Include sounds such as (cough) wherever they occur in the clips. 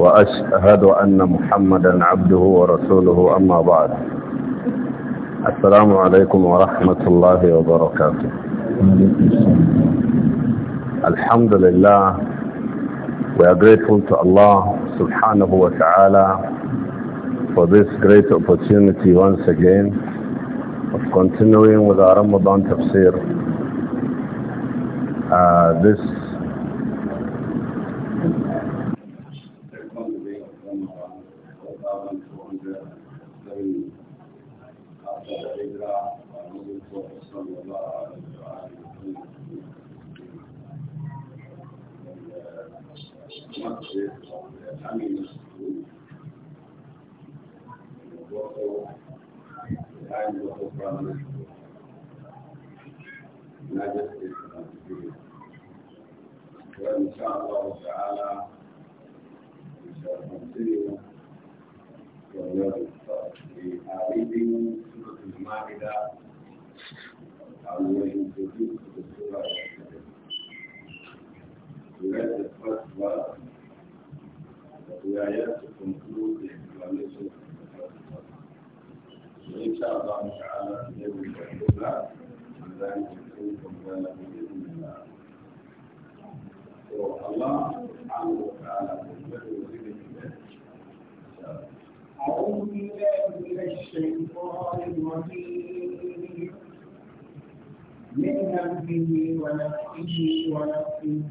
وأشهد أن محمدا عبده ورسوله أما بعد السلام عليكم ورحمة الله وبركاته الحمد لله we are grateful to Allah subhanahu wa ta'ala for this great opportunity once again of continuing with our Ramadan tafsir uh, this na gaske wa insha Allah ta'ala insha Allah ta'ala وإن شاء الله تعالى في يوم الجمعة ذلك يكون بإذن الله الله سبحانه وتعالى أعوذ بالله من الشيطان الرجيم من همزه ونفسه ونفسه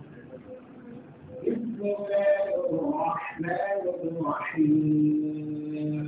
بسم الله الرحمن الرحيم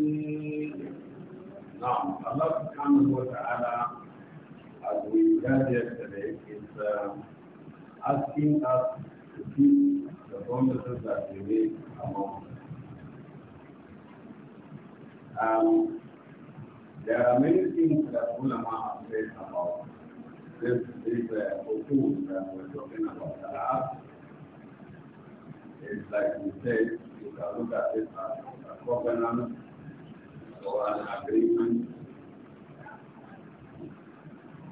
Now, Allah subhanahu wa ta'ala, as we read yesterday, is uh, asking us to keep the promises that we made among us. Um, there are many things that ulama have said about this, this uh, usul that we're talking about. Salah like we said, you can look at it as a covenant an agreement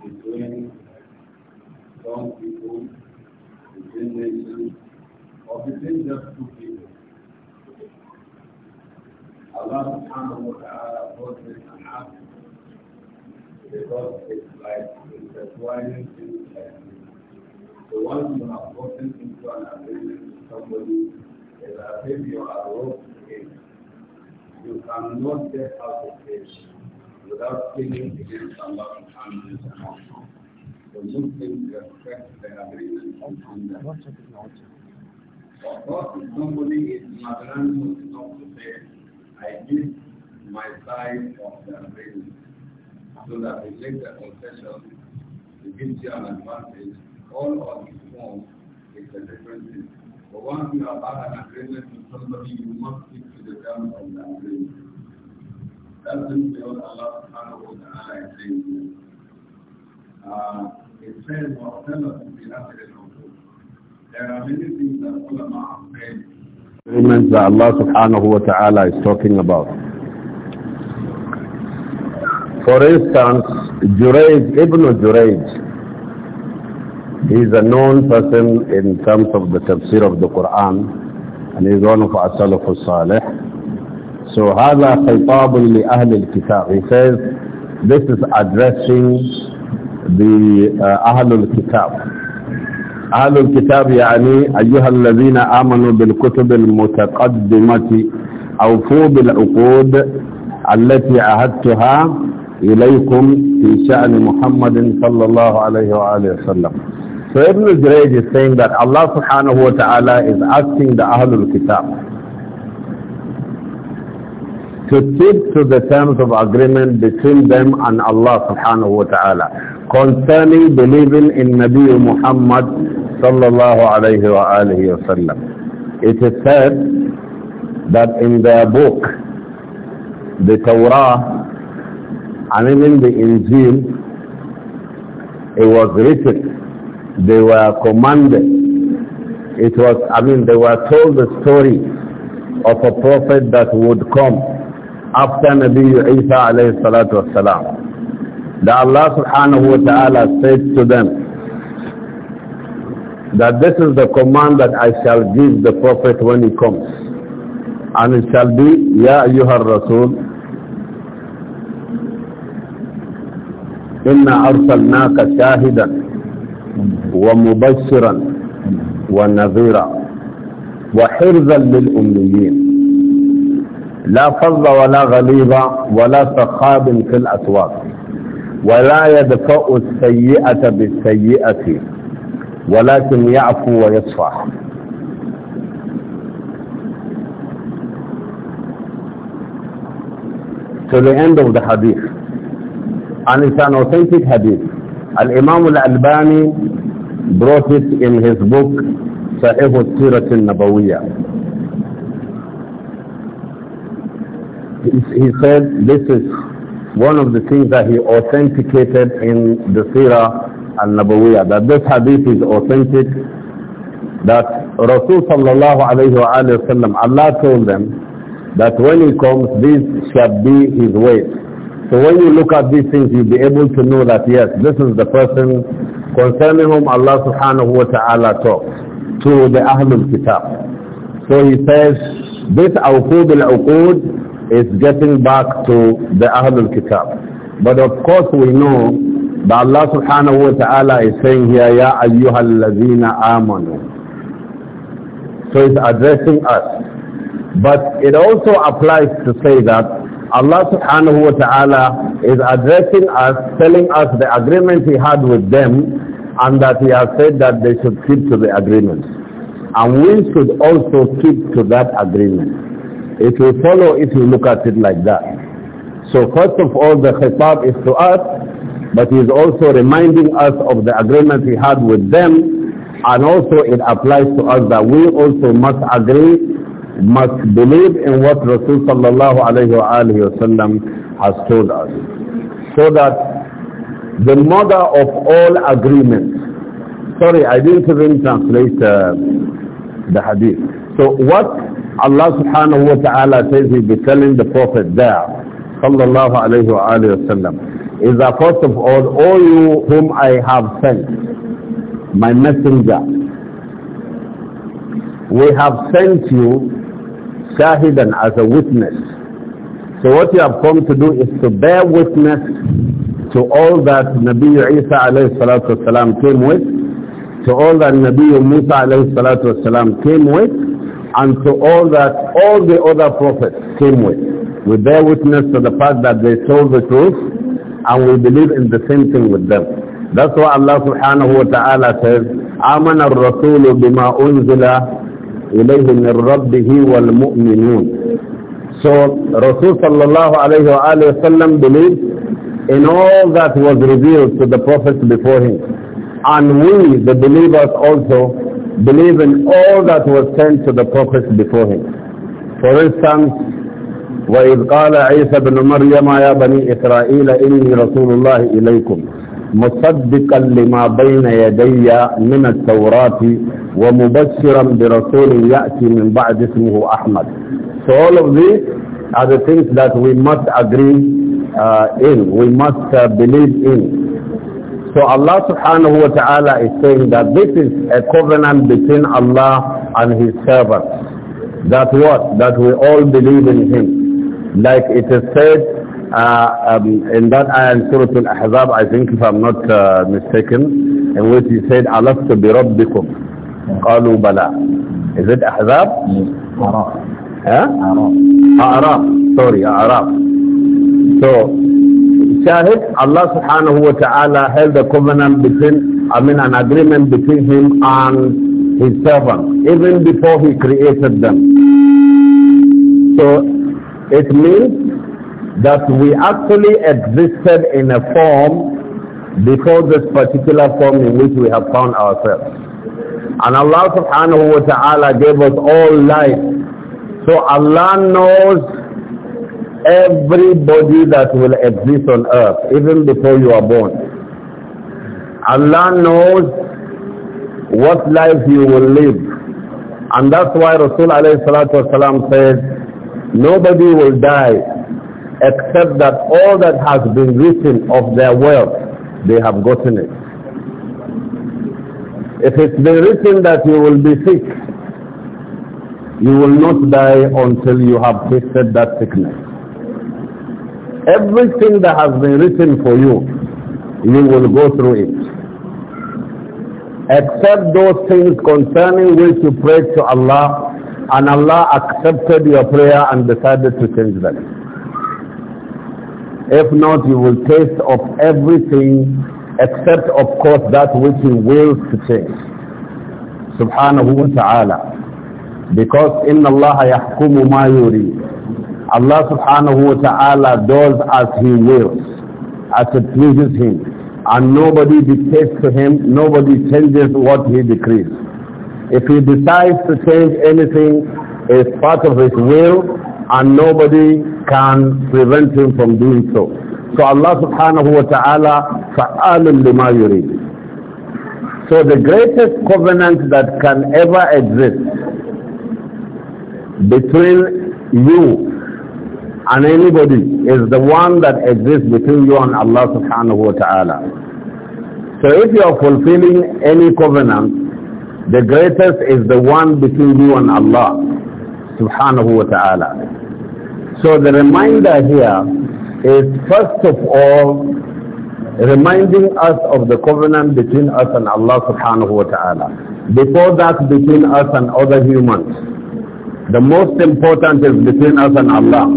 between some people, between nations, or between just two people. Allah subhanahu wa ta'ala brought this because it's like it's things like So once you have gotten into an agreement with somebody, it's as if you are roped in you cannot get out of this without sinning against Allah subhanahu wa ta'ala. The Muslims respect their agreement on that. Of course, if somebody is magnanimous enough to say, I give my side of the agreement, so that we make the concession, it gives you an advantage, all of its own is a different thing. But once you have had an agreement with somebody, you must stick to the terms of the agreement. There are many things that ulama Agreements that Allah subhanahu wa ta'ala is talking about. For instance, Juraid Ibn Juraid. He is a known person in terms of the tafsir of the Quran and he is one of our Salaf al-Salih. So هذا خطاب لأهل الكتاب. He says this is addressing the uh, أهل الكتاب. أهل الكتاب يعني أيها الذين آمنوا بالكتب المتقدمة أوفوا بالعقود التي عهدتها إليكم في شأن محمد صلى الله عليه وآله وسلم So Ibn Jurayj is saying that Allah subhanahu wa ta'ala is asking the Ahlul Kitab to keep to the terms of agreement between them and Allah subhanahu wa ta'ala concerning believing in Nabi Muhammad sallallahu alayhi wa alihi wa sallam. It is said that in their book, the Torah and even the Injil, it was written they were commanded. It was, I mean, they were told the story of a prophet that would come after Nabi Isa alayhi salatu wasalam. That Allah subhanahu wa ta'ala said to them, that this is the command that I shall give the Prophet when he comes. And it shall be, Ya ayyuhar Rasul, Inna arsalnaka shahidan ومبشرا ونذيرا وحرزا للأميين لا فض ولا غليظ ولا سخاب في الأسواق ولا يدفع السيئة بالسيئة ولكن يعفو ويصفح To the end of the hadith. And it's an authentic hadith. Al-Imam al-Albani brought it in his book Sahih al-Sirat al He said this is one of the things that he authenticated in the Sirah al-Nabawiyah, that this hadith is authentic, that Rasul sallallahu Allah told them that when he comes, this shall be his way. So when you look at these things, you'll be able to know that, yes, this is the person concerning whom Allah subhanahu wa ta'ala talks to the Ahlul Kitab. So he says, this awqud al-awqud is getting back to the Ahlul Kitab. But of course we know that Allah subhanahu wa ta'ala is saying here, Ya ayyuhal ladhina amanu. So it's addressing us. But it also applies to say that Allah subhanahu wa ta'ala is addressing us, telling us the agreement he had with them and that he has said that they should keep to the agreement. And we should also keep to that agreement. It will follow if you look at it like that. So first of all, the khitab is to us, but he is also reminding us of the agreement he had with them and also it applies to us that we also must agree must believe in what Rasul sallallahu alayhi wa has told us. So that the mother of all agreements, sorry, I didn't even translate uh, the hadith. So what Allah subhanahu wa ta'ala says he'll be telling the Prophet there, sallallahu alayhi wa is that first of all, all you whom I have sent, my messenger, we have sent you shahidan, as a witness. So what you have come to do is to bear witness to all that Nabi Isa alayhi salatu wasalam came with, to all that Nabi Musa alayhi salatu wasalam came with, and to all that all the other prophets came with. We bear witness to the fact that they told the truth and we believe in the same thing with them. That's why Allah subhanahu wa ta'ala says, آمن الرسول بما أنزل إليه من ربه والمؤمنون So Rasul sallallahu alayhi wa, alayhi wa sallam believed in all that was revealed to the prophets before him. And we, the believers also, believe in all that was sent to the prophets before him. For instance, وَإِذْ قَالَ عِيسَى بْنُ مَرْيَمَ يَا بَنِي إِسْرَائِيلَ إِنِّي رَسُولُ اللَّهِ إِلَيْكُمْ مصدقا لما بين يدي من التوراة ومبشرا برسول يأتي من بعد اسمه أحمد So all of these are the things that we must agree uh, in, we must uh, believe in. So Allah subhanahu wa ta'ala is saying that this is a covenant between Allah and his servants. That what? That we all believe in him. Like it is said uh, um, in that ayah Surah Al-Ahzab, I think if I'm not uh, mistaken, in which he said, أَلَسْتُ بِرَبِّكُمْ قَالُوا بَلَى Is it Ahzab? Yes. Araf. Araf. Araf. Sorry, Araf. So, Shahid, Allah subhanahu wa ta'ala held a covenant between, I mean an agreement between him and his servant, even before he created them. So, it means that we actually existed in a form before this particular form in which we have found ourselves. And Allah subhanahu wa ta'ala gave us all life. So Allah knows everybody that will exist on earth, even before you are born. Allah knows what life you will live. And that's why Rasul alayhi salatu wasalam said, nobody will die except that all that has been written of their wealth, they have gotten it. If it's been written that you will be sick, you will not die until you have tasted that sickness. Everything that has been written for you, you will go through it. Except those things concerning which you prayed to Allah and Allah accepted your prayer and decided to change them. If not, you will taste of everything except of course that which he wills to taste. Subhanahu wa ta'ala. Because in Allah yahkumu ma yuri. Allah subhanahu wa ta'ala does as he wills, as it pleases him. And nobody dictates to him, nobody changes what he decrees. If he decides to change anything, it's part of his will, and nobody can prevent him from doing so. So Allah subhanahu wa ta'ala fa'alun lima yurid. So the greatest covenant that can ever exist between you and anybody is the one that exists between you and Allah subhanahu wa ta'ala. So if you are fulfilling any covenant, the greatest is the one between you and Allah subhanahu wa ta'ala. So the reminder here is first of all reminding us of the covenant between us and Allah subhanahu wa ta'ala. Before that between us and other humans. The most important is between us and Allah.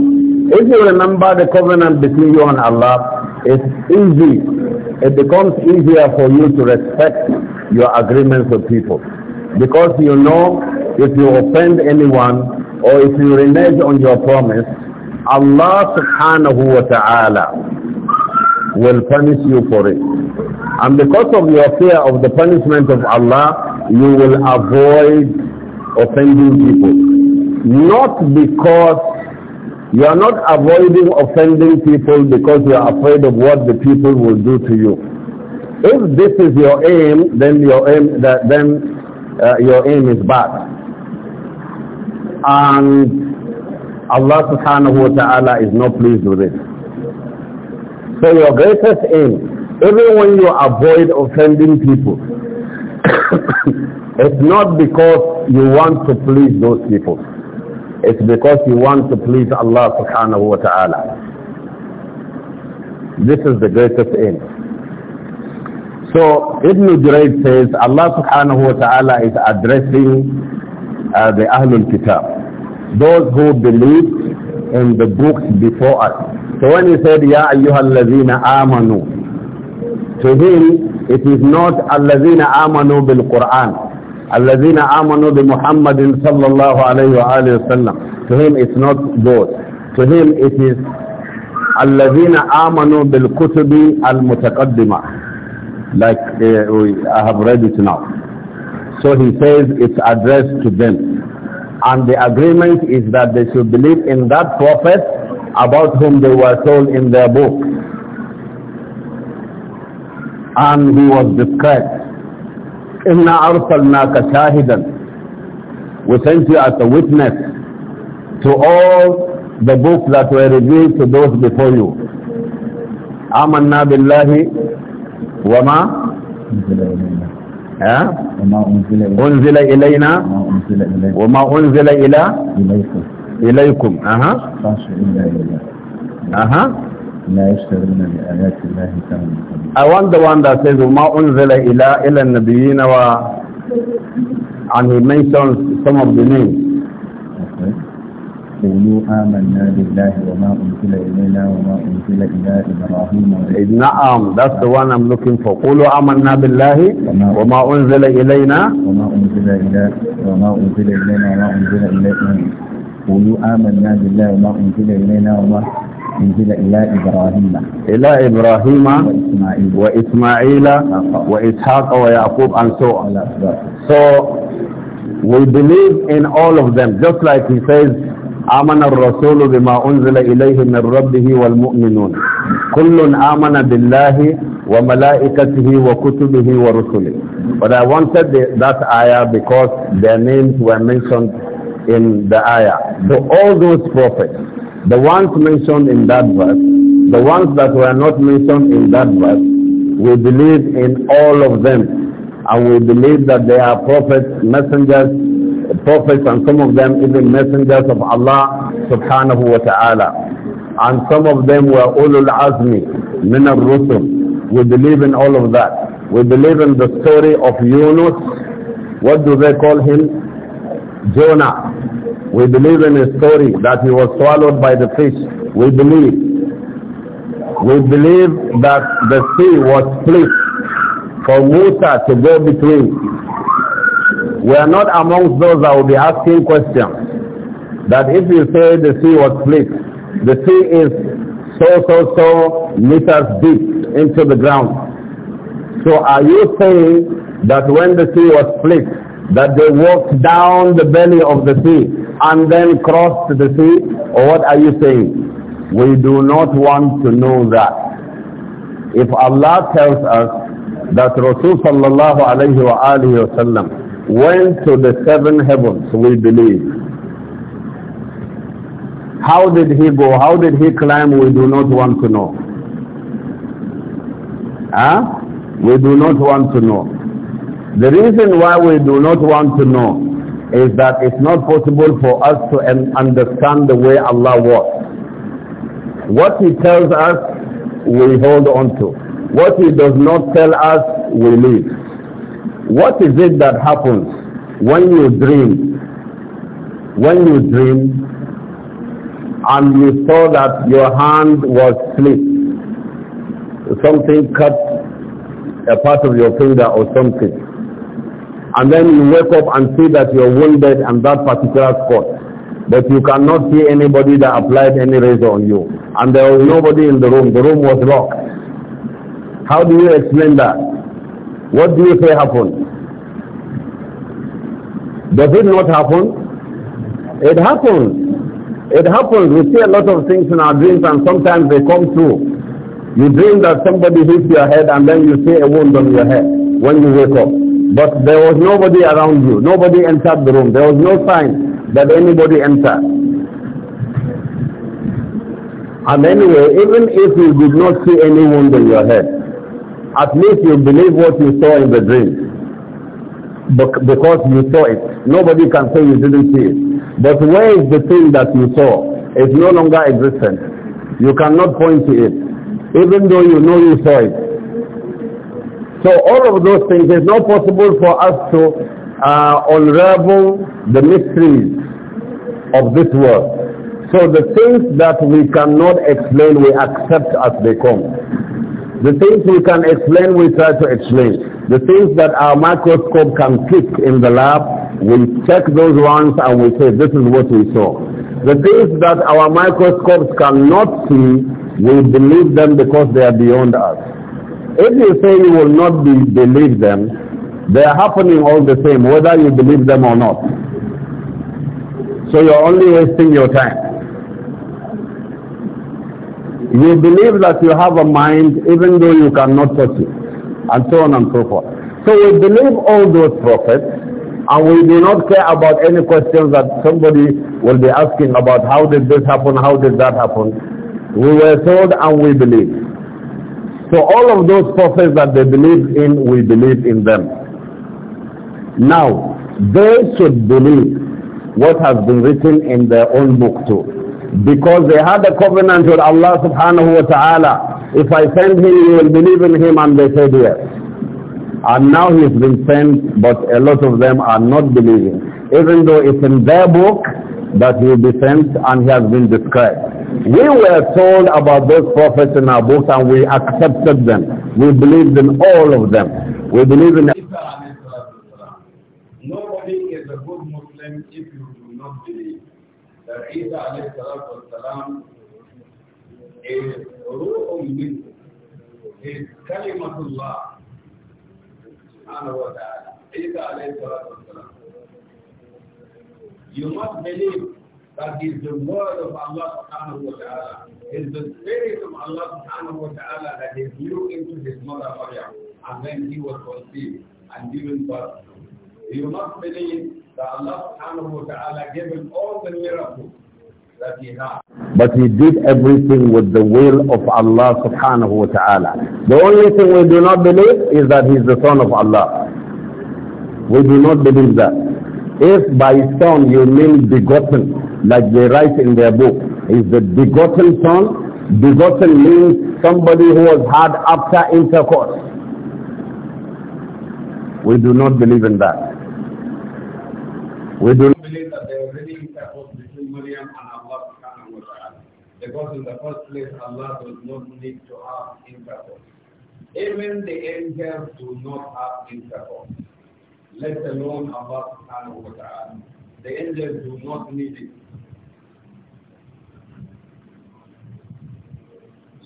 If you remember the covenant between you and Allah, it's easy. It becomes easier for you to respect your agreements with people. Because you know if you offend anyone or if you renege on your promise, Allah subhanahu wa ta'ala will punish you for it. And because of your fear of the punishment of Allah, you will avoid offending people. Not because you are not avoiding offending people because you are afraid of what the people will do to you. If this is your aim, then your aim, then uh, your aim is bad. And Allah subhanahu wa ta'ala is not pleased with it. So your greatest aim, even when you avoid offending people, (coughs) it's not because you want to please those people. It's because you want to please Allah subhanahu wa ta'ala. This is the greatest aim. So Ibn Jurayj says Allah subhanahu wa ta'ala is addressing uh, the Ahlul Kitab those who believed in the books before us. So when he said, Ya ayyuhallazina amanu, to him it is not allazina amanu bil Quran. Allazina amanu bi Muhammadin sallallahu alayhi wa alayhi wa sallam. To him it's not those. To him it is allazina amanu bil kutubi al mutakaddima Like uh, we, I have read it now. So he says it's addressed to them and the agreement is that they should believe in that prophet about whom they were told in their book. And he was described. Inna arsalnaka shahidan. We sent you as a witness to all the books that were revealed to those before you. Amanna billahi wa ma أنزل إلينا وما أنزل إلى إليكم أها أها لا يشترون بآيات الله ثمنا I want the one that says وما أنزل إلى إلى النبيين و and he mentions some of the names قولوا آمنا بالله وما أنزل إلينا وما أنزل إلى إبراهيم نعم that's the one I'm looking for قولوا آمنا بالله وما أنزل إلينا وما أنزل إلى وما أنزل إلينا وما أنزل إلينا قولوا آمنا بالله وما أنزل إلينا وما أنزل إلى إبراهيم إلى إبراهيم وإسماعيل وإسماعيل وإسحاق ويعقوب and so on. So we believe in all of them just like he says آمن الرسول بما أنزل إليه من ربه والمؤمنون كل آمن بالله وملائكته وكتبه ورسله But I wanted the, that ayah because their names were mentioned in the ayah. So all those prophets, the ones mentioned in that verse, the ones that were not mentioned in that verse, we believe in all of them. And we believe that they are prophets, messengers, the prophets and some of them even messengers of Allah subhanahu wa ta'ala. And some of them were ulul azmi, min al-rusul. We believe in all of that. We believe in the story of Yunus. What do they call him? Jonah. We believe in his story that he was swallowed by the fish. We believe. We believe that the sea was split for Musa to go between we are not amongst those that will be asking questions. That if you say the sea was split, the sea is so, so, so meters deep into the ground. So are you saying that when the sea was split, that they walked down the belly of the sea and then crossed the sea? Or what are you saying? We do not want to know that. If Allah tells us that Rasul sallallahu alayhi wa alihi wa sallam went to the seven heavens, we believe. How did he go? How did he climb? We do not want to know. Huh? We do not want to know. The reason why we do not want to know is that it's not possible for us to understand the way Allah was. What He tells us, we hold on to. What He does not tell us, we leave. What is it that happens when you dream? When you dream and you saw that your hand was slit. Something cut a part of your finger or something. And then you wake up and see that you're wounded and that particular spot but you cannot see anybody that applied any razor on you. And there was nobody in the room. The room was locked. How do you explain that? What do you say happened? Does it not happen? It happens. It happens. We see a lot of things in our dreams and sometimes they come true. You dream that somebody hits your head and then you see a wound on your head when you wake up. But there was nobody around you. Nobody entered the room. There was no sign that anybody entered. And anyway, even if you did not see any wound on your head, at least you believe what you saw in the dream because you saw it. Nobody can say you didn't see it. But where is the thing that you saw? It's no longer existent. You cannot point to it, even though you know you saw it. So all of those things, it's not possible for us to uh, unravel the mysteries of this world. So the things that we cannot explain, we accept as they come. The things we can explain, we try to explain. The things that our microscope can pick in the lab, we check those ones and we say, this is what we saw. The things that our microscopes cannot see, we believe them because they are beyond us. If you say you will not be, believe them, they are happening all the same, whether you believe them or not. So you're only wasting your time. You believe that you have a mind even though you cannot touch it, and so on and so forth. So we believe all those prophets, and we do not care about any questions that somebody will be asking about how did this happen, how did that happen. We were told and we believe. So all of those prophets that they believe in, we believe in them. Now, they should believe what has been written in their own book too because they had a covenant with Allah subhanahu wa ta'ala. If I send him, you will believe in him, and they said yes. And now he's been sent, but a lot of them are not believing, even though it's in their book that he will be sent and he has been described. We were told about those prophets in our books and we accepted them. We believed in all of them. We believe in... Nobody is a good Muslim if that Isa alayhi salatu wasalam is ru'um minhu, is kalimatullah subhanahu wa ta'ala. Isa alayhi salatu wasalam. You must believe that he the word of Allah subhanahu wa ta'ala. Is the spirit of Allah subhanahu wa ta'ala that he blew into his mother Maryam and then he was conceived and given birth. You must believe that Allah subhanahu wa ta'ala gave him all the miracles that he had. But he did everything with the will of Allah subhanahu wa ta'ala. The only thing we do not believe is that he is the son of Allah. We do not believe that. If by son you mean begotten, like they write in their book, is the begotten son, begotten means somebody who was had after intercourse. We do not believe in that. We do not believe that there was any intercourse between Maryam and Allah subhanahu wa ta'ala. Because in the first place, Allah does not need to have intercourse. Even the angels do not have intercourse, let alone Allah subhanahu wa ta'ala. The angels do not need it.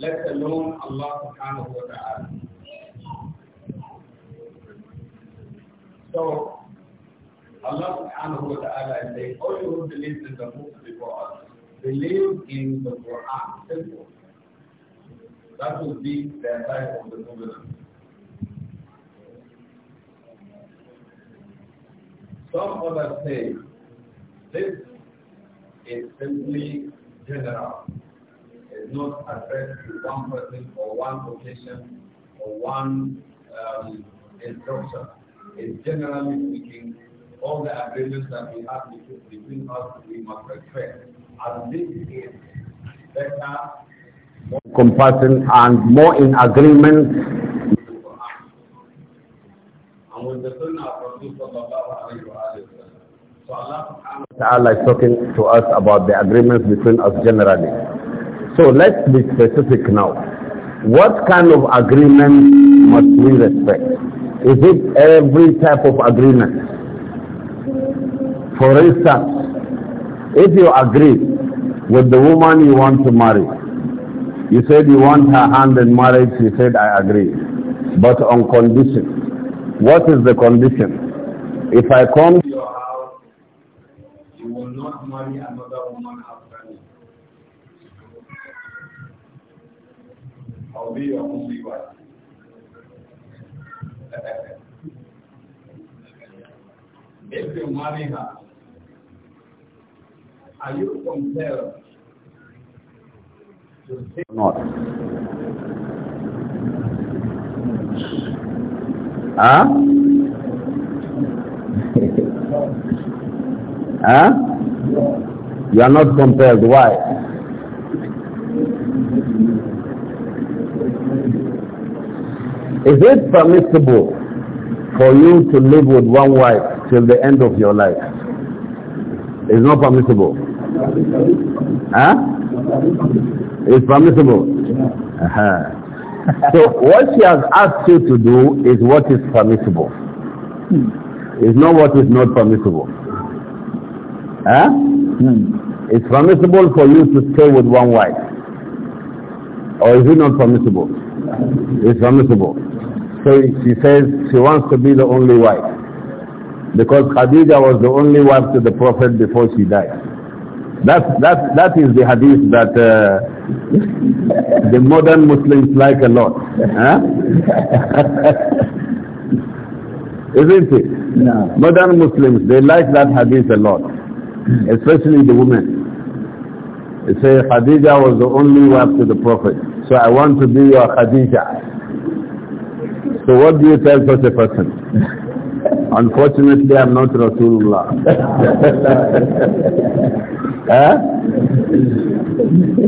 Let alone Allah subhanahu wa ta'ala. So, Allah subhanahu wa ta'ala is saying, all oh, you who believe in the book before us, believe in the Quran. Simple. That would be the type of the covenant. Some others say this is simply general. It's not addressed to one person or one occasion or one um, instruction. It's generally speaking all the agreements that we have between us, we must respect. And this is better, more compassion, and more in agreement. And with the Sunnah of Rasul So Allah Ta'ala is talking to us about the agreements between us generally. So let's be specific now. What kind of agreement must we respect? Is it every type of agreement? For instance, if you agree with the woman you want to marry, you said you want her hand in marriage, she said, I agree, but on condition. What is the condition? If I come to your house, you will not marry another woman after me. I'll be your only wife. (laughs) if you marry her, are you compelled to say not? Huh? (laughs) huh? You are not compelled. Why? Is it permissible for you to live with one wife till the end of your life? It's not permissible. Huh? It's permissible. Uh -huh. (laughs) so what she has asked you to do is what is permissible. Hmm. It's not what is not permissible. Huh? Hmm. It's permissible for you to stay with one wife. Or is it not permissible? It's permissible. So she says she wants to be the only wife. Because Khadija was the only wife to the Prophet before she died. That, that, that is the hadith that uh, the modern Muslims like a lot. Huh? (laughs) Isn't it? No. Modern Muslims, they like that hadith a lot, especially the women. They say Khadija was the only wife to the Prophet, so I want to be your Khadija. So what do you tell such a person? (laughs) Unfortunately, I'm not Rasulullah. (laughs) Eh?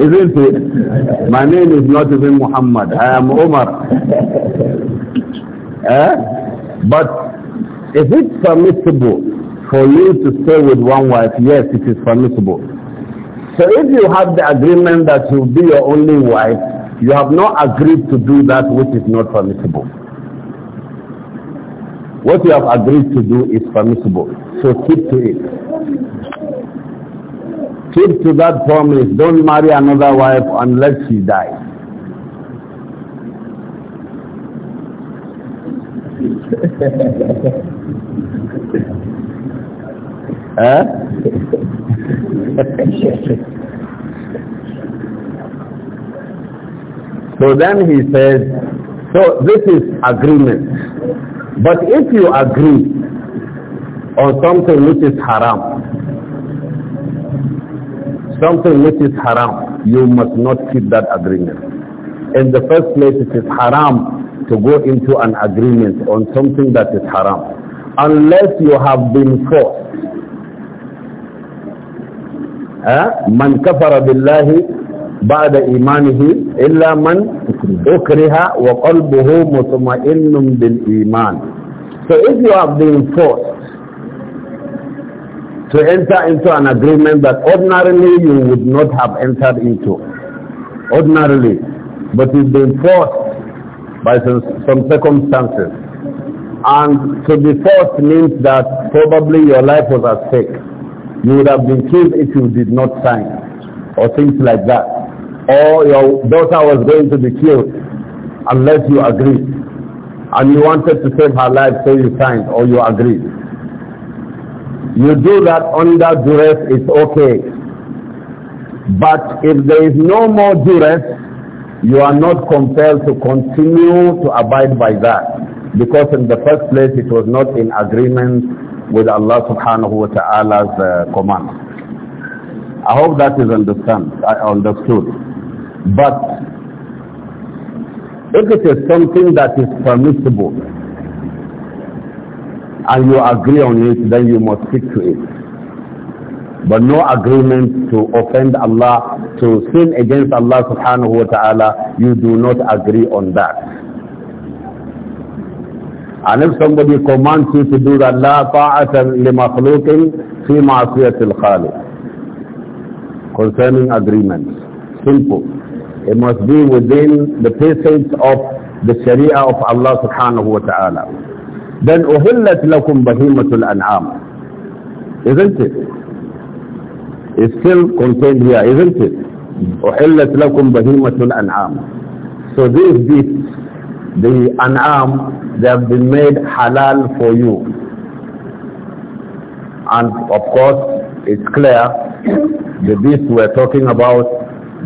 Isn't it? My name is not even Muhammad. I am Omar. Eh? But is it permissible for you to stay with one wife? Yes, it is permissible. So if you have the agreement that you'll be your only wife, you have not agreed to do that which is not permissible. What you have agreed to do is permissible. So keep to it keep to that promise. Don't marry another wife unless she dies. huh? (laughs) Eh? (laughs) so then he says, so this is agreement. But if you agree on something which is haram, something which is haram, you must not keep that agreement. In the first place, it is haram to go into an agreement on something that is haram. Unless you have been forced. Eh? man من كفر بالله بعد إيمانه إلا من أكره وقلبه bil iman. So if you have been forced to enter into an agreement that ordinarily you would not have entered into. Ordinarily. But you've been forced by some, some circumstances. And to be forced means that probably your life was at stake. You would have been killed if you did not sign. Or things like that. Or your daughter was going to be killed unless you agreed. And you wanted to save her life so you signed or you agreed. You do that under duress, it's okay. But if there is no more duress, you are not compelled to continue to abide by that. Because in the first place, it was not in agreement with Allah subhanahu wa ta'ala's uh, command. I hope that is understand, I uh, understood. But if it is something that is permissible, and you agree on it, then you must stick to it. But no agreement to offend Allah, to sin against Allah subhanahu wa ta'ala, you do not agree on that. And if somebody commands you to do that, لا طاعة لمخلوق في معصية الخالق. Concerning agreements. Simple. It must be within the precepts of the Sharia of Allah subhanahu wa ta'ala. Then uhillat lakum bahimatul an'am. Isn't it? It's still contained here, isn't it? Uhillat lakum bahimatul an'am. So these beasts, the an'am, they have been made halal for you. And of course, it's clear the beasts we're talking about,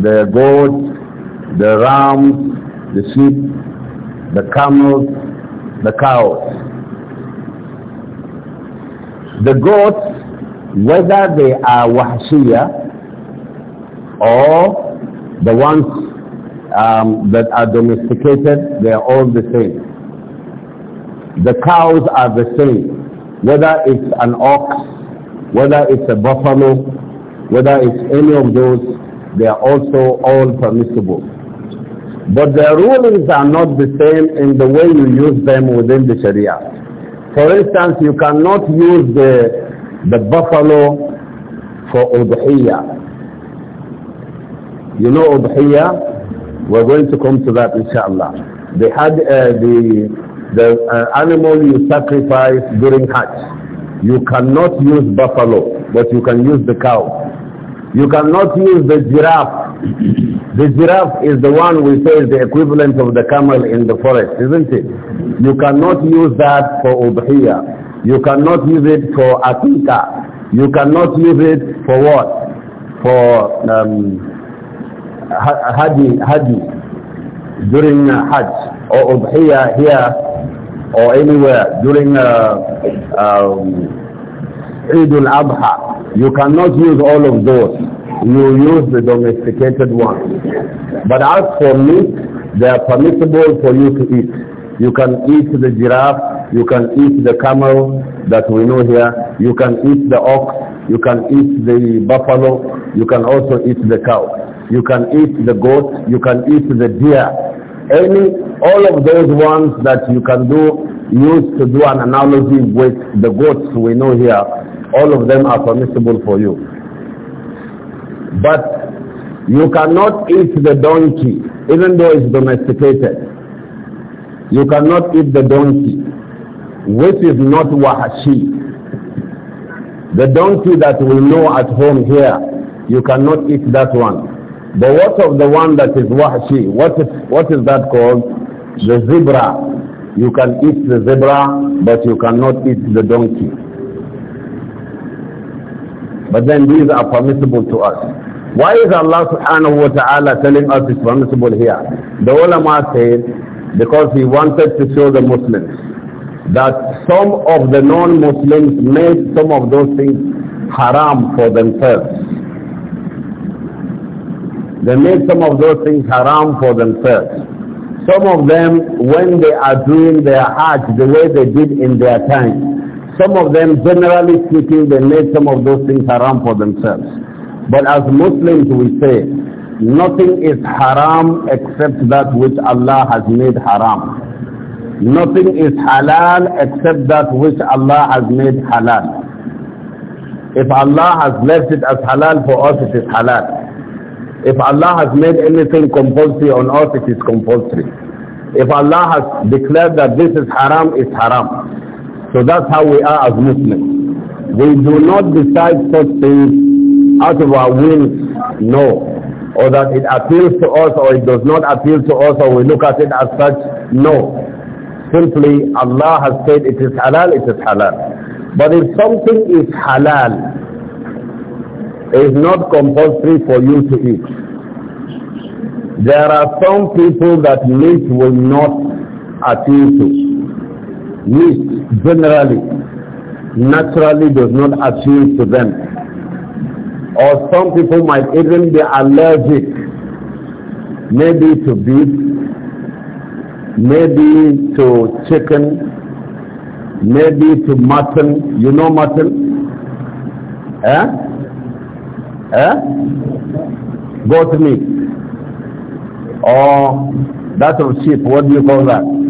the goats, the rams, the sheep, the camels, the cows. The goats, whether they are wahshiya or the ones um, that are domesticated, they are all the same. The cows are the same, whether it's an ox, whether it's a buffalo, whether it's any of those, they are also all permissible. But the rulings are not the same in the way you use them within the Sharia. For instance, you cannot use the, the buffalo for udhiyah. You know udhiyah? We're going to come to that inshallah. They had uh, the, the uh, animal you sacrifice during Hajj. You cannot use buffalo, but you can use the cow. You cannot use the giraffe the giraffe is the one we say is the equivalent of the camel in the forest, isn't it? You cannot use that for ubhiyah. You cannot use it for atika. You cannot use it for what? For um, haji, haji, during uh, hajj or ubhiyah here or anywhere during uh, um, Eid al abha. You cannot use all of those you use the domesticated one. But as for meat, they are permissible for you to eat. You can eat the giraffe, you can eat the camel that we know here, you can eat the ox, you can eat the buffalo, you can also eat the cow, you can eat the goat, you can eat the deer. Any, all of those ones that you can do, use to do an analogy with the goats we know here, all of them are permissible for you. But you cannot eat the donkey, even though it's domesticated. You cannot eat the donkey, which is not wahashi. The donkey that we know at home here, you cannot eat that one. But what of the one that is wahashi? What is, what is that called? The zebra. You can eat the zebra, but you cannot eat the donkey. But then these are permissible to us. Why is Allah subhanahu wa ta'ala telling us it's permissible here? The ulama said, because he wanted to show the Muslims that some of the non-Muslims made some of those things haram for themselves. They made some of those things haram for themselves. Some of them, when they are doing their hajj the way they did in their time, some of them, generally speaking, they made some of those things haram for themselves. But as Muslims we say, nothing is haram except that which Allah has made haram. Nothing is halal except that which Allah has made halal. If Allah has left it as halal for us, it is halal. If Allah has made anything compulsory on us, it is compulsory. If Allah has declared that this is haram, it's haram. So that's how we are as Muslims. We do not decide such things out of our will, no. Or that it appeals to us or it does not appeal to us or we look at it as such, no. Simply Allah has said it is halal, it is halal. But if something is halal, it is not compulsory for you to eat. There are some people that meat will not appeal to. Meat generally, naturally does not appeal to them. Or some people might even be allergic, maybe to beef, maybe to chicken, maybe to mutton. You know mutton? Eh? Eh? Goat meat. Or that of sheep. What do you call that?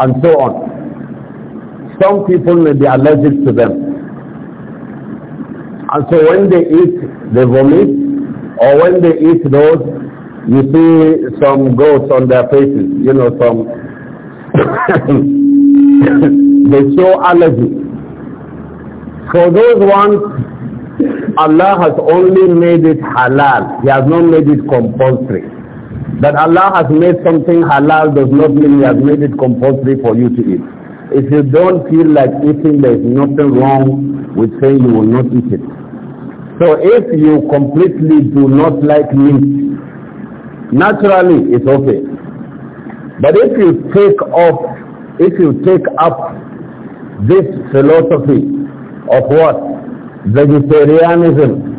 and so on. Some people may be allergic to them. And so when they eat, they vomit, or when they eat those, you see some growths on their faces, you know, some, (coughs) they show allergy. For those ones, Allah has only made it halal. He has not made it compulsory. That Allah has made something halal does not mean He has made it compulsory for you to eat. If you don't feel like eating, there is nothing wrong with saying you will not eat it. So if you completely do not like meat, naturally it's okay. But if you take up, if you take up this philosophy of what? Vegetarianism.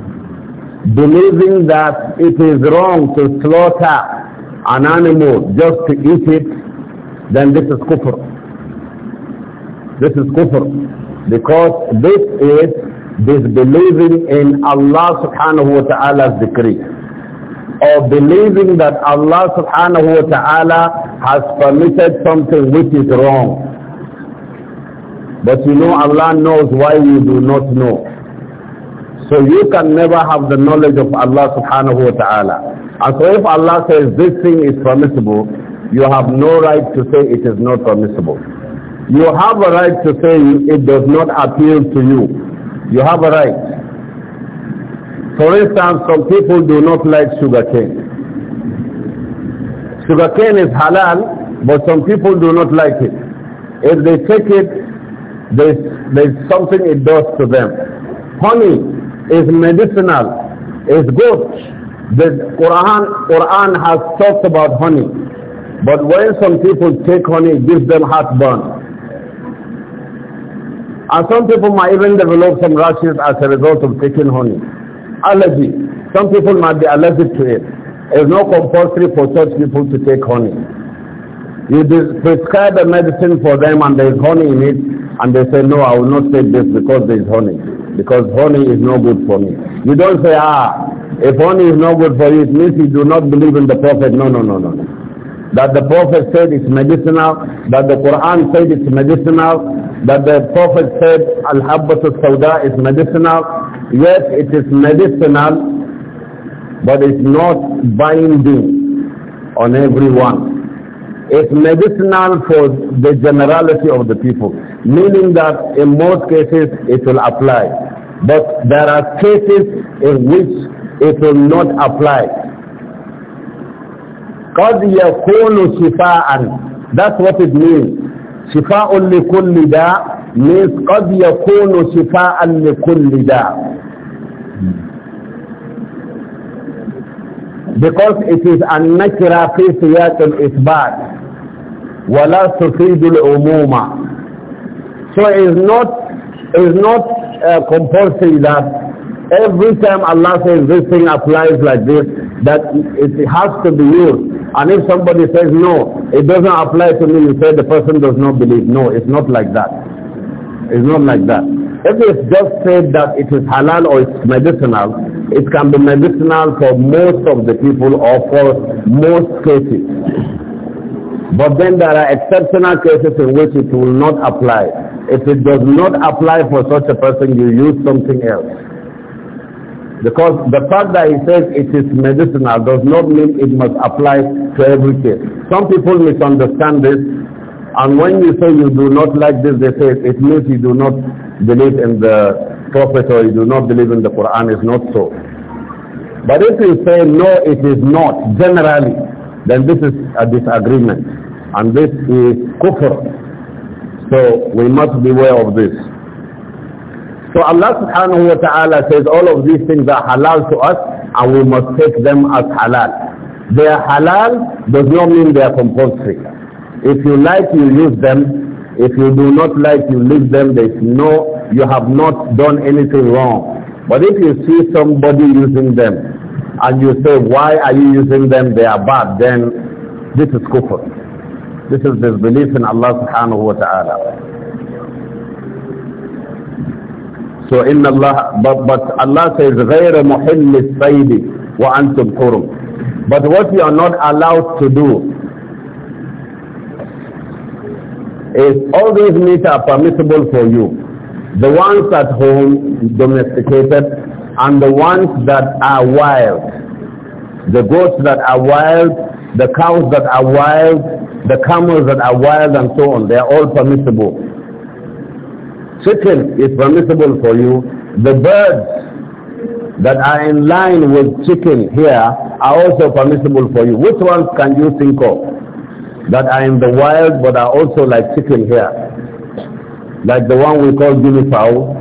Believing that it is wrong to slaughter an animal just to eat it, then this is kufr. This is kufr. Because this is disbelieving in Allah subhanahu wa ta'ala's decree. Or believing that Allah subhanahu wa ta'ala has permitted something which is wrong. But you know Allah knows why you do not know. So you can never have the knowledge of Allah subhanahu wa ta'ala. And so if Allah says this thing is permissible, you have no right to say it is not permissible. You have a right to say it does not appeal to you. You have a right. For instance, some people do not like sugarcane. Sugarcane is halal, but some people do not like it. If they take it, there's, there's something it does to them. Honey is medicinal, It's good, the Quran, Quran has talked about honey. But when some people take honey, it gives them heartburn. And some people might even develop some rashes as a result of taking honey. Allergy. Some people might be allergic to it. It's not compulsory for such people to take honey. You prescribe a medicine for them and there is honey in it and they say, no, I will not take this because there is honey. Because honey is no good for me. You don't say, ah, if one is not good for you, it means you do not believe in the Prophet. No, no, no, no. That the Prophet said it's medicinal, that the Quran said it's medicinal, that the Prophet said Al-Habbatu sawda is medicinal. Yes, it is medicinal, but it's not binding on everyone. It's medicinal for the generality of the people, meaning that in most cases it will apply. But there are cases in which it will not apply. قَدْ يَكُونُ شِفَاءً That's what it means. شِفَاءٌ لِكُلِّ دَاء means قَدْ يَكُونُ شِفَاءً لِكُلِّ دَاء Because it is النكرة في سياق الإثبات ولا تفيد umuma. So it is not, it is not uh, compulsory that Every time Allah says this thing applies like this, that it has to be used. And if somebody says, no, it doesn't apply to me, you say the person does not believe. No, it's not like that. It's not like that. If it's just said that it is halal or it's medicinal, it can be medicinal for most of the people or for most cases. But then there are exceptional cases in which it will not apply. If it does not apply for such a person, you use something else. Because the fact that he says it is medicinal does not mean it must apply to every case. Some people misunderstand this and when you say you do not like this, they say it means you do not believe in the Prophet or you do not believe in the Quran. It's not so. But if you say no, it is not, generally, then this is a disagreement. And this is kufr. So we must beware of this. So Allah subhanahu wa ta'ala says all of these things are halal to us and we must take them as halal. They are halal does not mean they are compulsory. If you like, you use them. If you do not like, you leave them. There is no, you have not done anything wrong. But if you see somebody using them and you say, why are you using them? They are bad. Then this is kufr. This is disbelief in Allah subhanahu wa ta'ala. So inna Allah, but, but Allah says, غَيْرَ مُحِلِّ wa وَأَنْتُمْ حُرُمْ But what you are not allowed to do is all these meat are permissible for you. The ones at home, domesticated, and the ones that are wild. The goats that are wild, the cows that are wild, the camels that are wild and so on, they are all permissible chicken is permissible for you, the birds that are in line with chicken here are also permissible for you. Which ones can you think of that are in the wild but are also like chicken here? Like the one we call guinea fowl.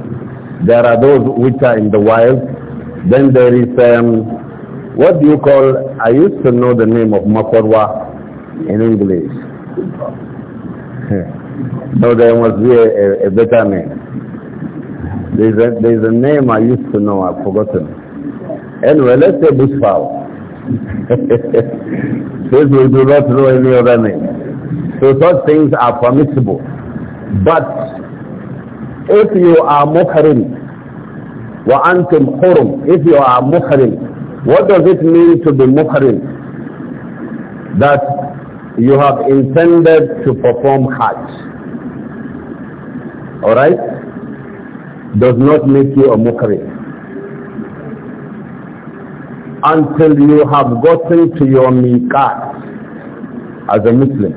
There are those which are in the wild. Then there is, um, what do you call, I used to know the name of makorwa in English. No, there must be a, a, a better name. There is a, a name I used to know, I've forgotten. Anyway, let's say bushfowl. Since we do not know any other name. So such things are permissible. But if you are wa antum khurum. if you are muhrim, what does it mean to be muhrim? That you have intended to perform Hajj. Alright? Does not make you a mukri. Until you have gotten to your miqat as a Muslim.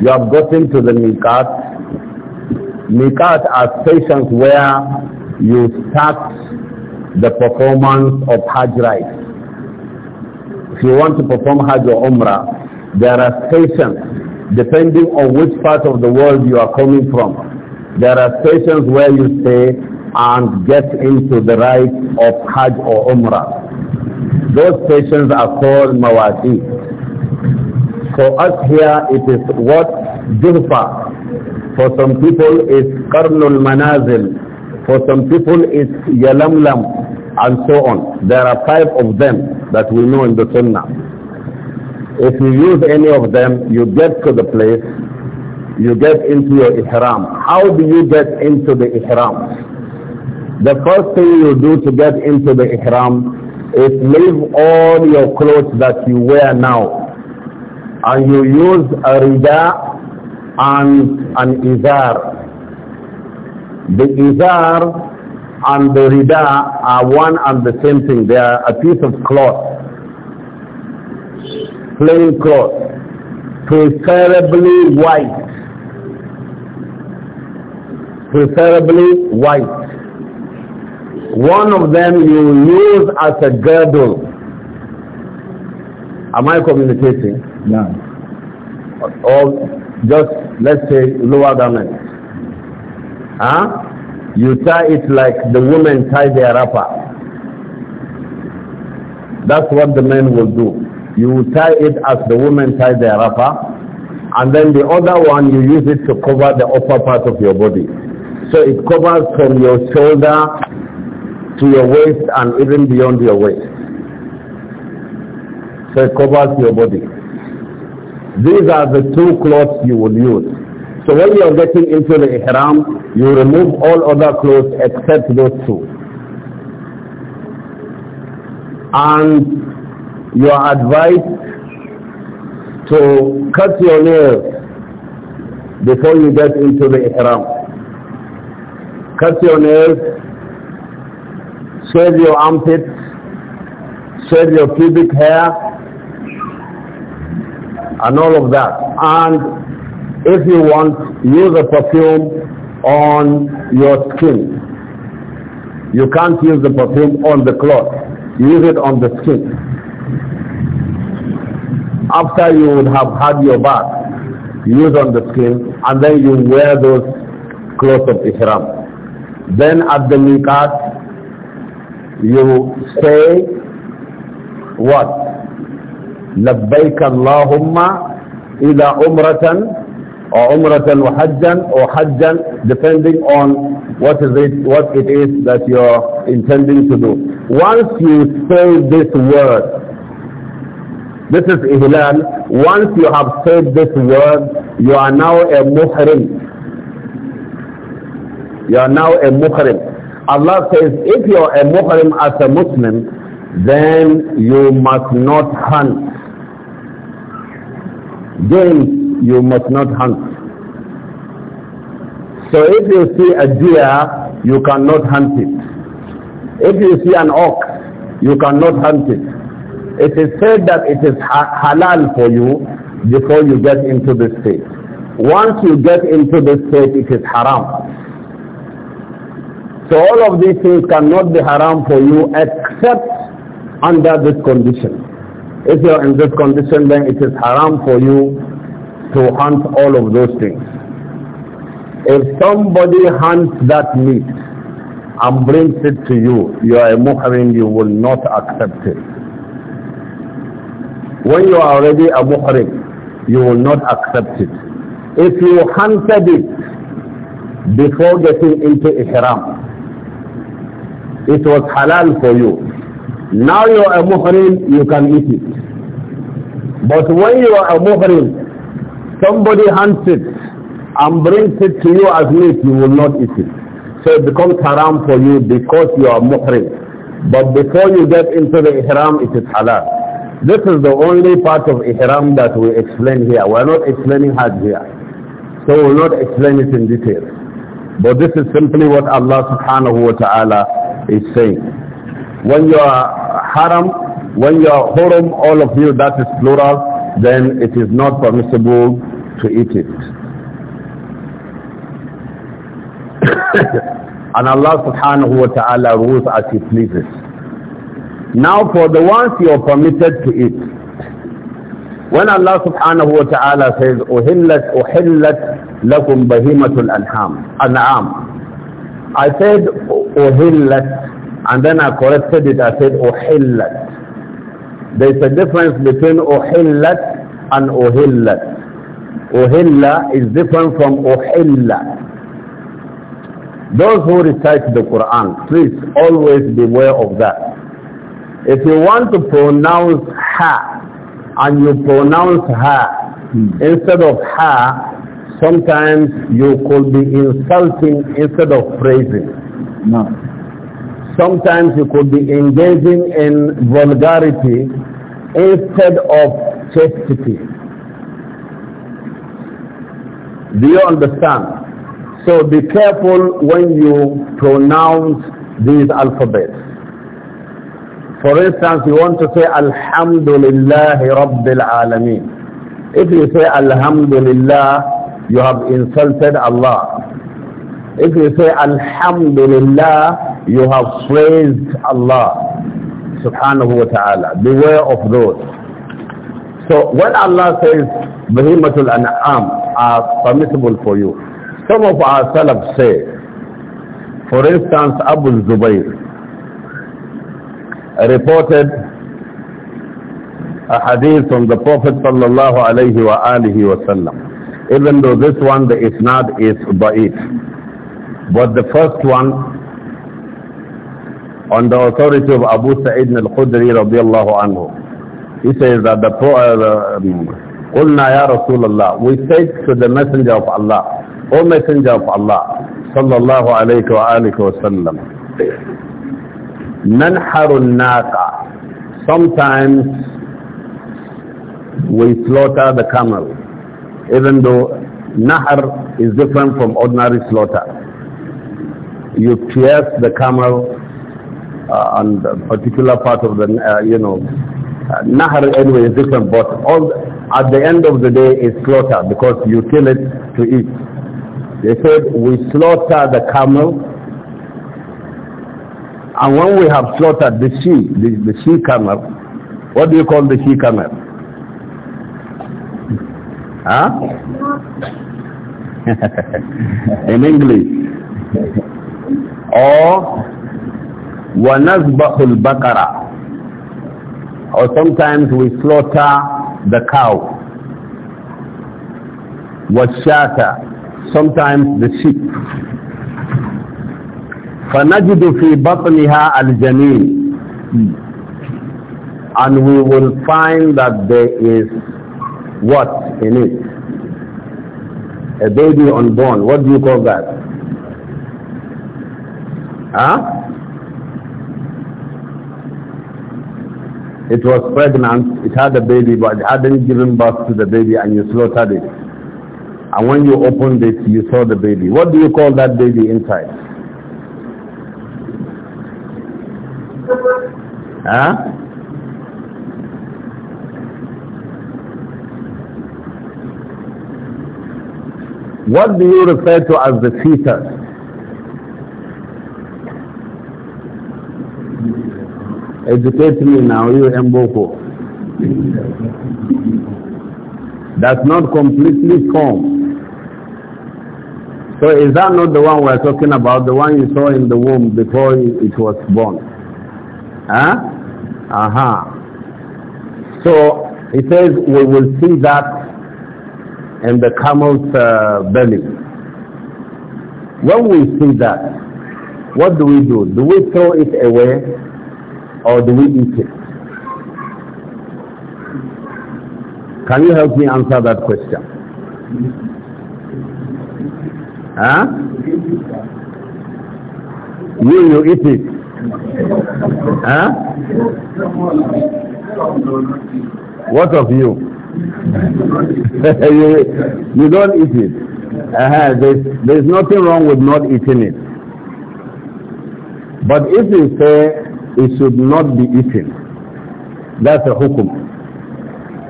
You have gotten to the miqat. Miqat are stations where you start the performance of Hajj rites. If you want to perform Hajj or Umrah, there are stations, depending on which part of the world you are coming from. There are stations where you stay and get into the right of Hajj or Umrah. Those stations are called Mawati. For us here, it is what Juhfa. For some people, it's Karnul Manazil. For some people, it's Yalamlam, and so on. There are five of them that we know in the Sunnah. If you use any of them, you get to the place, you get into your ihram. How do you get into the ihram? The first thing you do to get into the ihram is leave all your clothes that you wear now and you use a rida and an izar. The izar and the rida are one and the same thing. They are a piece of cloth plain cloth, preferably white. Preferably white. One of them you use as a girdle. Am I communicating? No. Or just, let's say, lower garment. Huh? You tie it like the women tie their wrapper. That's what the men will do you tie it as the women tie their wrapper and then the other one you use it to cover the upper part of your body so it covers from your shoulder to your waist and even beyond your waist so it covers your body these are the two clothes you will use so when you are getting into the ihram you remove all other clothes except those two and you are advised to cut your nails before you get into the ihram. Cut your nails, shave your armpits, shave your pubic hair, and all of that. And if you want, use a perfume on your skin. You can't use the perfume on the cloth. Use it on the skin after you would have had your bath, use on the skin, and then you wear those clothes of ihram. Then at the miqat, you say what? لبيك اللهم إلى عمرة or umratan or hajjan or hajjan depending on what is it what it is that you're intending to do once you say this word this is Ihlal. Once you have said this word, you are now a muhrim. You are now a muhrim. Allah says, if you are a muhrim as a Muslim, then you must not hunt. Then you must not hunt. So if you see a deer, you cannot hunt it. If you see an ox, you cannot hunt it it is said that it is halal for you before you get into this state. Once you get into this state, it is haram. So all of these things cannot be haram for you except under this condition. If you are in this condition, then it is haram for you to hunt all of those things. If somebody hunts that meat and brings it to you, you are a muhrim, you will not accept it. When you are already a muhrim, you will not accept it. If you hunted it before getting into ihram, it was halal for you. Now you are a muhrim, you can eat it. But when you are a muhrim, somebody hunts it and brings it to you as meat, you will not eat it. So it becomes haram for you because you are muhrim. But before you get into the ihram, it is halal. This is the only part of ihram that we explain here. We are not explaining Hajj here. So we will not explain it in detail. But this is simply what Allah subhanahu wa ta'ala is saying. When you are haram, when you are hurum, all of you, that is plural, then it is not permissible to eat it. (coughs) and Allah subhanahu wa ta'ala rules as he pleases. Now for the ones you are permitted to eat. When Allah subhanahu wa ta'ala says, أُهِلَّتْ أُهِلَّتْ لَكُمْ بَهِيمَةُ الْأَنْعَامِ An'am. I said أُهِلَّتْ and then I corrected it. I said أُحِلَّتْ. There is a difference between أُحِلَّتْ and O أُهِلَّ is different from أُحِلَّ. Those who recite the Quran, please always beware of that. If you want to pronounce ha and you pronounce ha hmm. instead of ha, sometimes you could be insulting instead of praising. No. Sometimes you could be engaging in vulgarity instead of chastity. Do you understand? So be careful when you pronounce these alphabets. For instance, you want to say Alhamdulillah Rabbil Alameen. If you say Alhamdulillah, you have insulted Allah. If you say Alhamdulillah, you have praised Allah subhanahu wa ta'ala. Beware of those. So when Allah says Bahimatul An'am are permissible for you, some of our Salaf say, for instance, Abu Zubayr, reported a hadith from the Prophet sallallahu alayhi wa alihi wasallam. Even though this one, the isnad is baith, But the first one, on the authority of Abu Sa'id al-Khudri radiallahu anhu, he says that the قلنا يا رسول we said to the messenger of Allah O messenger of Allah sallallahu الله عليه وآله nanharun sometimes we slaughter the camel even though nahar is different from ordinary slaughter you pierce the camel uh, on a particular part of the uh, you know uh, nahar anyway is different but all at the end of the day is slaughter because you kill it to eat they said we slaughter the camel and when we have slaughtered the sheep, the, the she camel, what do you call the sheep camel? Huh? (laughs) In English. Or وَنَذْبَحُ Bakara, Or sometimes we slaughter the cow. Washata, Sometimes the sheep. فَنَجِدُ فِي بَطْنِهَا الْجَنِينَ And we will find that there is what in it? A baby unborn. What do you call that? Huh? It was pregnant, it had a baby, but it hadn't given birth to the baby and you slaughtered it. And when you opened it, you saw the baby. What do you call that baby inside? huh? What do you refer to as the fetus? Educate me now, you Mboko. That's not completely formed. So is that not the one we're talking about, the one you saw in the womb before it was born? Huh? Aha. Uh -huh. So he says we will see that in the camel's uh, belly. When we see that, what do we do? Do we throw it away or do we eat it? Can you help me answer that question? Huh? You, you eat it. Huh? What of you? (laughs) you, you don't eat it. Uh -huh. There's, there's nothing wrong with not eating it. But if you say it should not be eaten, that's a hukum.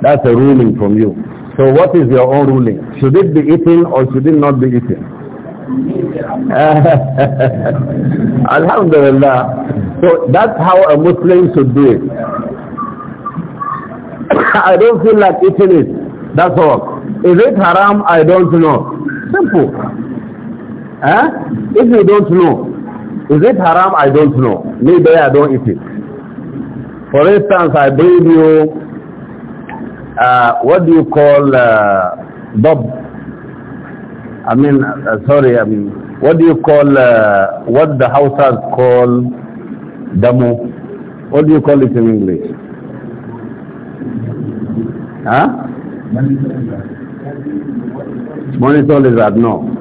That's a ruling from you. So what is your own ruling? Should it be eaten or should it not be eaten? (laughs) Alhamdulillah. So that's how a Muslim should do it. (coughs) I don't feel like eating it. That's all. Is it haram? I don't know. Simple. Eh? If you don't know, is it haram? I don't know. Maybe I don't eat it. For instance, I bring you, uh, what do you call, uh, bob I mean, uh, sorry, I mean, what do you call, uh, what the houses call damo? What do you call it in English? Huh? Monitor is that, no.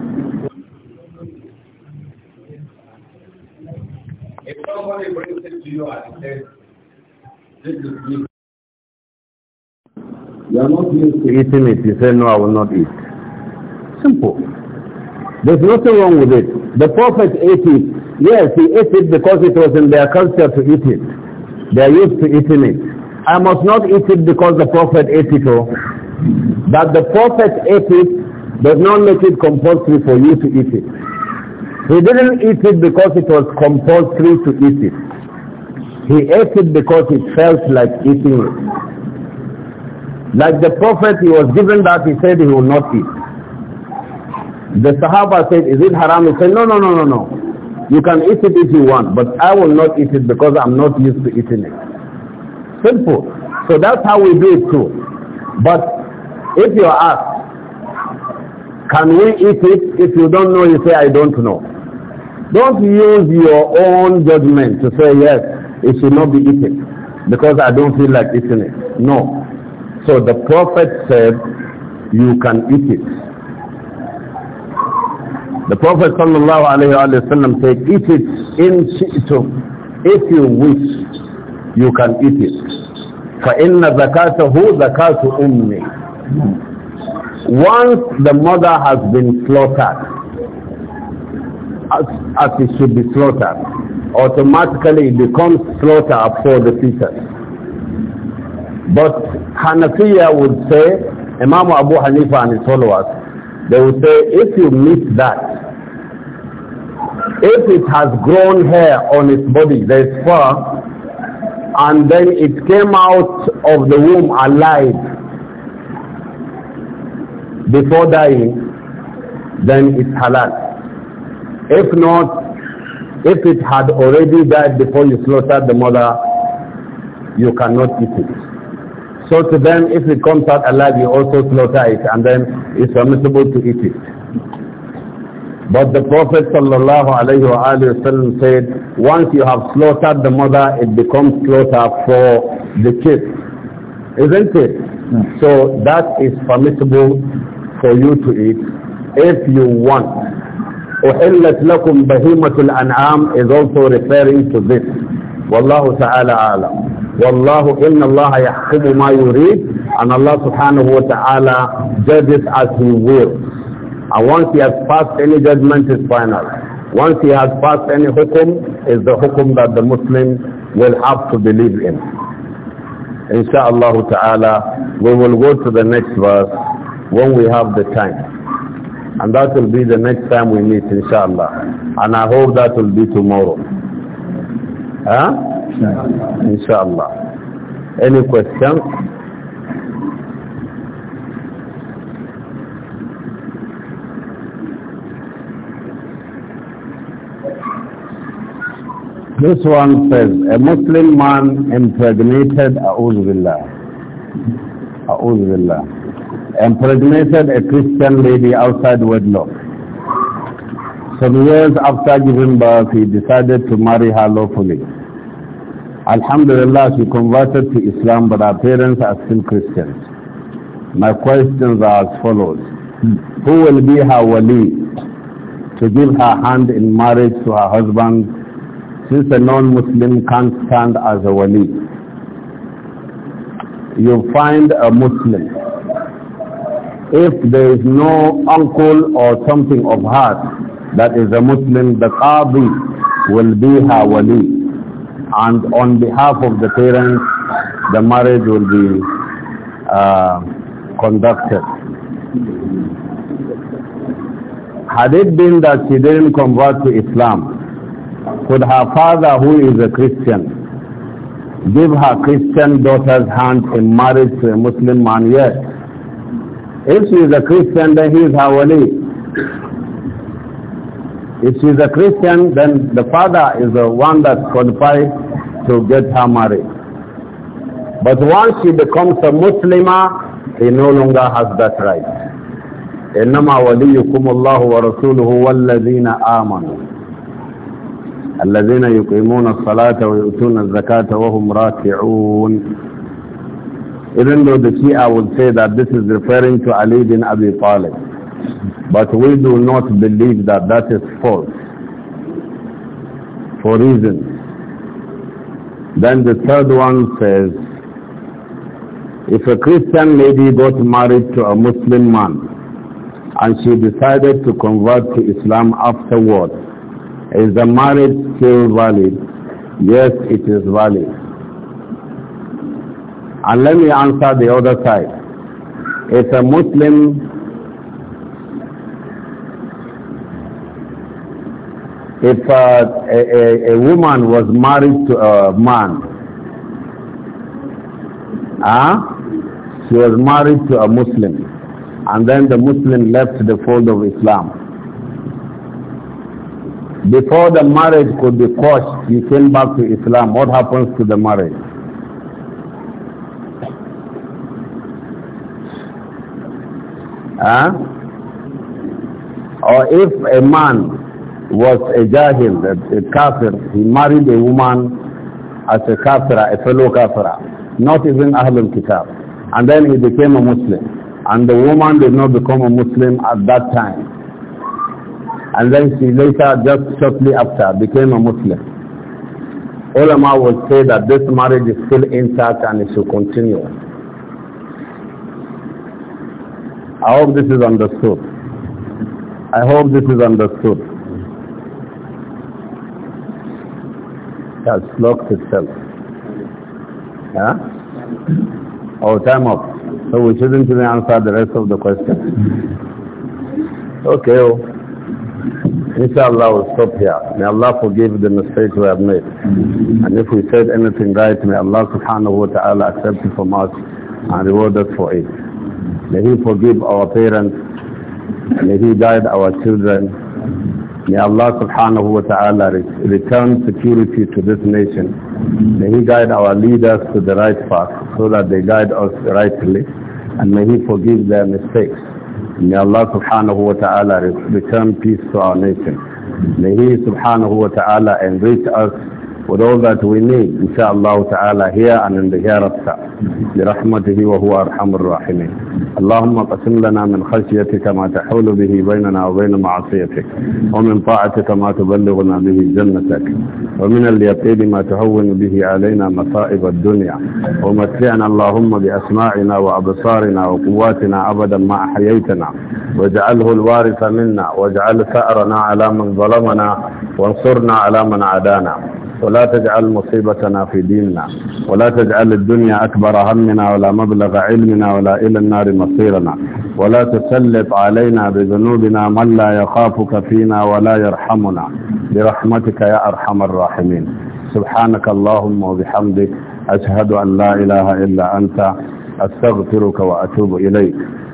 you You are not used to eating it. You say, no, I will not eat. Simple. There's nothing wrong with it. The Prophet ate it. Yes, he ate it because it was in their culture to eat it. They are used to eating it. I must not eat it because the Prophet ate it. Oh. but the Prophet ate it does not make it compulsory for you to eat it. He didn't eat it because it was compulsory to eat it. He ate it because it felt like eating it. Like the Prophet, he was given that, he said he will not eat. The Sahaba said, is it haram? He said, no, no, no, no, no. You can eat it if you want, but I will not eat it because I'm not used to eating it. Simple. So that's how we do it too. But if you ask, can we eat it? If you don't know, you say, I don't know. Don't use your own judgment to say, yes, it should not be eaten because I don't feel like eating it. No. So the Prophet said, you can eat it. The Prophet ﷺ said, eat it in shi'tum. If you wish, you can eat it. فَإِنَّ ذَكَاتَهُ ذَكَاتُ أُمِّي Once the mother has been slaughtered, as, as it should be slaughtered, automatically it becomes slaughter for the fetus. But Hanafiya would say, Imam Abu Hanifa and his followers, they will say, if you miss that, if it has grown hair on its body, there is fur, and then it came out of the womb alive before dying, then it's halal. If not, if it had already died before you slaughtered the mother, you cannot eat it. So to them, if it comes out alive, you also slaughter it, and then it's permissible to eat it. But the Prophet sallallahu said, once you have slaughtered the mother, it becomes slaughter for the kid. Isn't it? So that is permissible for you to eat if you want. أحلت لكم بهيمة الأنعام is also referring to this. والله تعالى أعلم. Wallahu inna Allah yahkumu ma yurid and Allah subhanahu wa ta'ala judges as he wills. And once he has passed any judgment is final. Once he has passed any hukum is the hukum that the Muslim will have to believe in. Insha'Allah ta'ala we will go to the next verse when we have the time and that will be the next time we meet inshallah and i hope that will be tomorrow Huh? Inshallah. Any question? This one says, a Muslim man impregnated, A'udhu Billah, A'udhu Billah, impregnated a Christian lady outside wedlock. Some years after giving birth, he decided to marry her lawfully. Alhamdulillah, she converted to Islam, but her parents are still Christians. My questions are as follows. Who will be her wali to give her hand in marriage to her husband since a non-Muslim can't stand as a wali? You find a Muslim. If there is no uncle or something of hers that is a Muslim, the Qadi will be Hawali, And on behalf of the parents, the marriage will be uh, conducted. Had it been that she didn't convert to Islam, could her father, who is a Christian, give her Christian daughter's hand in marriage to a Muslim man? Yes. If she is a Christian, then he is Hawali. If she's a Christian, then the father is the one that qualified to get her married. But once she becomes a Muslimah, he no longer has that right. إنما وليكم الله ورسوله والذين آمنوا الذين يقيمون الصلاة ويؤتون الزكاة وهم راكعون Even though the Shia would say that this is referring to Ali bin Abi Talib. But we do not believe that that is false for reasons. Then the third one says, if a Christian lady got married to a Muslim man and she decided to convert to Islam afterward, is the marriage still valid? Yes, it is valid. And let me answer the other side. If a Muslim if uh, a, a, a, woman was married to a man, ah, she was married to a Muslim, and then the Muslim left the fold of Islam. Before the marriage could be quashed, he came back to Islam. What happens to the marriage? Ah? Or if a man was a jahil, a, kafir. He married a woman as a kafira, a fellow kafira, not even Ahlul Kitab. And then he became a Muslim. And the woman did not become a Muslim at that time. And then she later, just shortly after, became a Muslim. Ulama would say that this marriage is still intact and it should continue. I hope this is understood. I hope this is understood. has locked itself. Yeah? time up. So we shouldn't even answer the rest of the question. Okay. Oh. Inshallah, we'll stop here. May Allah forgive the mistakes we have made. And if we said anything right, may Allah subhanahu wa ta'ala accept it from us and reward us for it. May He forgive our parents. May He guide our children. May Allah subhanahu wa ta'ala return security to this nation. May He guide our leaders to the right path so that they guide us rightly. And may He forgive their mistakes. May Allah subhanahu wa ta'ala return peace to our nation. May He subhanahu wa ta'ala enrich us with ويني إن شاء الله تعالى هي أن and in the برحمته وهو أرحم الراحمين اللهم قسم لنا من خشيتك ما تحول به بيننا وبين معصيتك ومن طاعتك ما تبلغنا به جنتك ومن اليقين ما تهون به علينا مصائب الدنيا ومتعنا اللهم بأسماعنا وأبصارنا وقواتنا أبدا ما أحييتنا واجعله الوارث منا واجعل ثأرنا على من ظلمنا وانصرنا على من عادانا ولا تجعل مصيبتنا في ديننا ولا تجعل الدنيا أكبر همنا ولا مبلغ علمنا ولا إلى النار مصيرنا ولا تسلط علينا بذنوبنا من لا يخافك فينا ولا يرحمنا برحمتك يا أرحم الراحمين سبحانك اللهم وبحمدك أشهد أن لا إله إلا أنت أستغفرك وأتوب إليك